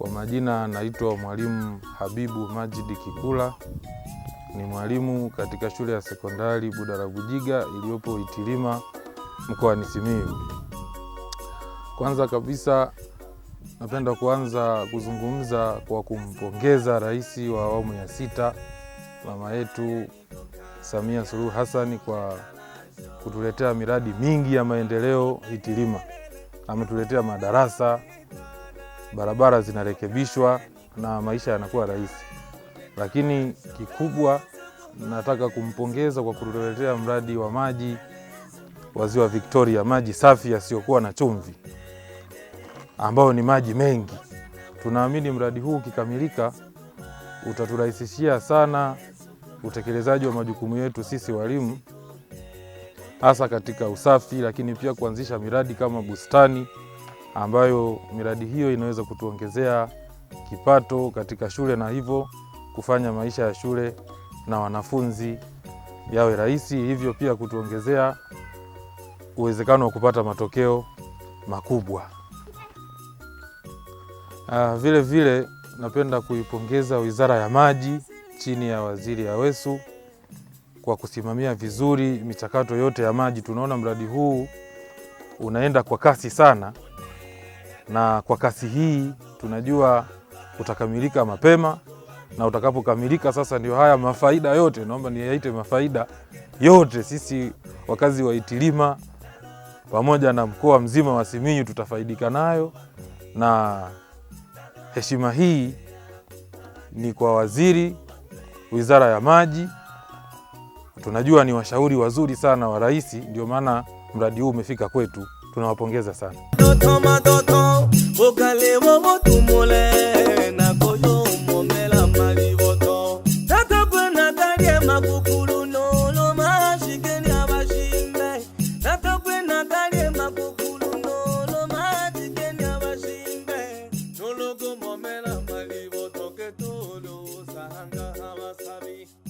Kwa majina naitwa Mwalimu Habibu Majidi Kikula, ni mwalimu katika shule ya sekondari Budarabujiga iliyopo Itilima mkoani Simiyu. Kwanza kabisa napenda kuanza kuzungumza kwa kumpongeza Rais wa awamu ya sita mama yetu Samia Suluhu Hassan kwa kutuletea miradi mingi ya maendeleo Itilima. Ametuletea madarasa, barabara zinarekebishwa na maisha yanakuwa rahisi. Lakini kikubwa nataka kumpongeza kwa kutuletea mradi wa maji wa Ziwa Victoria, maji safi yasiyokuwa na chumvi, ambayo ni maji mengi. Tunaamini mradi huu ukikamilika utaturahisishia sana utekelezaji wa majukumu yetu sisi walimu, hasa katika usafi, lakini pia kuanzisha miradi kama bustani ambayo miradi hiyo inaweza kutuongezea kipato katika shule na hivyo kufanya maisha ya shule na wanafunzi yawe rahisi, hivyo pia kutuongezea uwezekano wa kupata matokeo makubwa. Uh, vile vile napenda kuipongeza Wizara ya Maji chini ya Waziri wesu kwa kusimamia vizuri michakato yote ya maji. Tunaona mradi huu unaenda kwa kasi sana na kwa kasi hii tunajua utakamilika mapema, na utakapokamilika sasa ndio haya mafaida yote, naomba niyaite mafaida yote, sisi wakazi wa Itilima pamoja na mkoa mzima wa Simiyu tutafaidika nayo, na heshima hii ni kwa waziri, wizara ya maji. Tunajua ni washauri wazuri sana wa rais, ndio maana mradi huu umefika kwetu tunawapongeza sana.